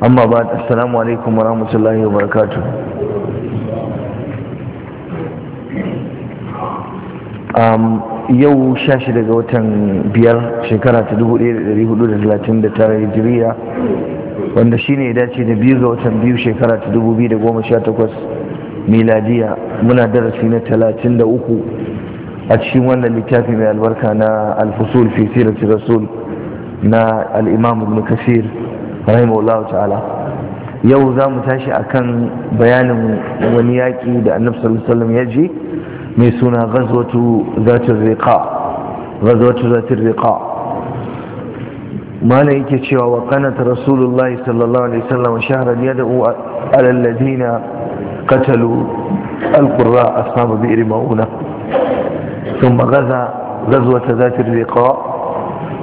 amma ba salamu alaikum wa rahmatullahi wa barakatu um, yau 16 daga watan biyar shekara ta dubu da da da dari hudu talatin 1439 hijiriya wanda shine ya dace da biyu ga watan biyu shekara ta dubu biyu da sha 2018 miladiya muna darasi na talatin da uku a cikin wannan littafi mai albarka na alfusul fi sirati rasul na al'imam ibn kasir rahimahullah ta'ala yau za mu tashi akan bayanin wani yaƙi da annabi sallallahu alaihi ya ji mai suna ghazwatu zatir riqa ghazwatu zatir riqa mana yake cewa wa kanat rasulullahi sallallahu alaihi wasallam shahran yad'u ala alladhina qatalu alqurra ashabu bi'r mauna ثم غزا غزوة ذات الرقاء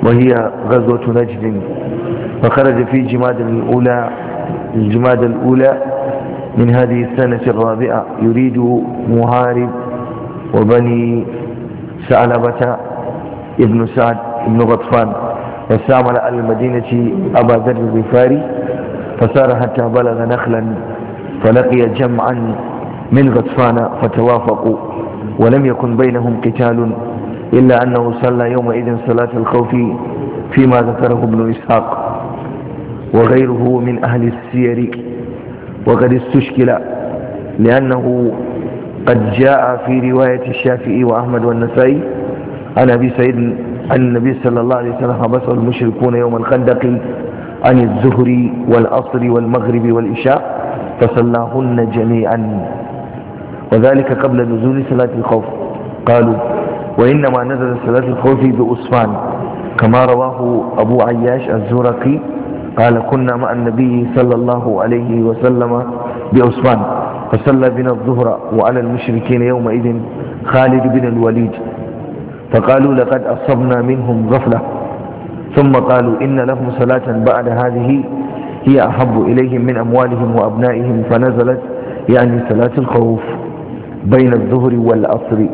وهي غزوة نجد فخرج في جماد الأولى الجماد الأولى من هذه السنة الرابعة يريد مهارب وبني ثعلبة ابن سعد بن غطفان واستعمل على المدينة أبا ذر الغفاري فسار حتى بلغ نخلا فلقي جمعا من غطفان فتوافقوا ولم يكن بينهم قتال إلا أنه صلى يومئذ صلاة الخوف فيما ذكره ابن إسحاق وغيره من أهل السير وقد استشكل لأنه قد جاء في رواية الشافعي وأحمد والنسائي عن أبي سعيد أن النبي صلى الله عليه وسلم حبس المشركون يوم الخندق عن الزهر والعصر والمغرب والعشاء فصلاهن جميعا وذلك قبل نزول صلاة الخوف قالوا وإنما نزل صلاة الخوف بأسفان كما رواه أبو عياش الزرقي قال كنا مع النبي صلى الله عليه وسلم بأسفان فصلى بنا الظهر وعلى المشركين يومئذ خالد بن الوليد فقالوا لقد أصبنا منهم غفلة ثم قالوا إن لهم صلاة بعد هذه هي أحب إليهم من أموالهم وأبنائهم فنزلت يعني صلاة الخوف بين الظهر والعصر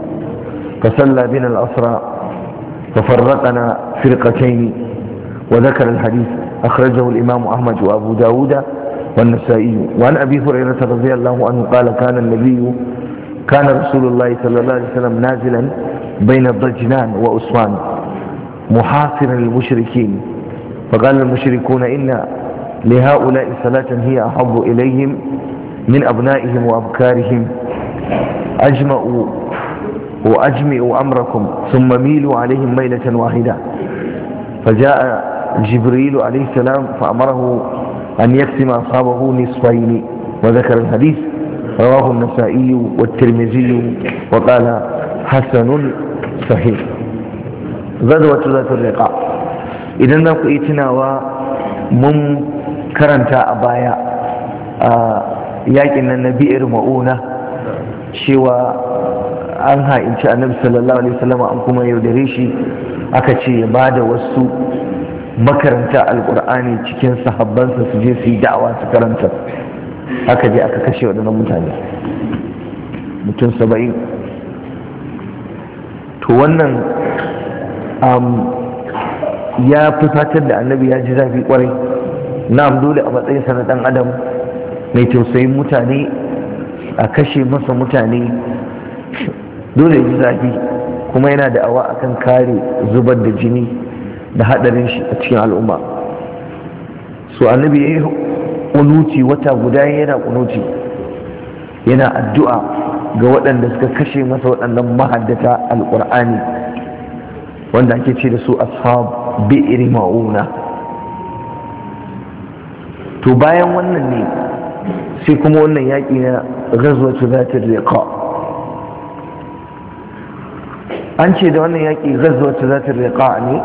فصلى بنا الأسرى ففرقنا فرقتين وذكر الحديث أخرجه الإمام أحمد وأبو داود والنسائي وعن أبي هريرة رضي الله عنه قال كان النبي كان رسول الله صلى الله عليه وسلم نازلا بين الضجنان وأسوان محاصرا للمشركين فقال المشركون إن لهؤلاء صلاة هي أحب إليهم من أبنائهم وأبكارهم أجمعوا وأجمعوا أمركم ثم ميلوا عليهم ميلة واحدة فجاء جبريل عليه السلام فأمره أن يقسم أصحابه نصفين وذكر الحديث رواه النسائي والترمذي وقال حسن صحيح غدوة ذات الرقاع إذا نقيتنا ومن كرنتا أبايا آه yakin أن النبي إرمؤونه شوى an ha'inci annabi sallallahu alaihi wasallam an kuma yaudare shi aka ce ya ba da wasu makaranta alkur'ani cikin sahabbansa su je su yi da'awa su karanta aka je aka kashe waɗannan mutane mutum saba'in to wannan ya fusatar da annabi ya ji zafi kwarai na dole a matsayinsa na ɗan adam mai tausayin mutane a kashe masa mutane dole yi zafi kuma yana da awa akan kare zubar da jini da hadarin shi a cikin al'umma so annabi ya yi kunuti wata guda yana kunuti yana addu'a ga waɗanda suka kashe masa waɗannan mahaddata alƙur'ani wanda ake ce da su ashab bi'ri ma'una to bayan wannan ne sai kuma wannan yaƙi na ghazwatu zatir liqa an ce da wannan yaƙi ta za ta riƙa ne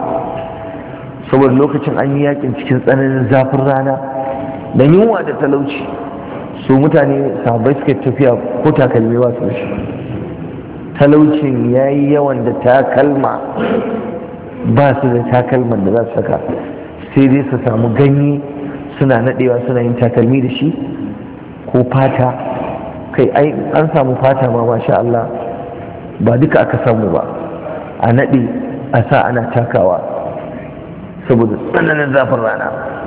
saboda lokacin an yi yaƙin cikin tsananin zafin rana da yunwa da talauci su mutane sahabbai suka tafiya ko takalmi ba su shi talaucin ya yi yawan da takalma ba su da takalman da za su saka sai dai su samu ganye suna naɗewa suna yin takalmi da shi ko fata kai an samu fata ma masha Allah ba duka aka samu ba a naɗe a sa ana takawa saboda tsananin zafin rana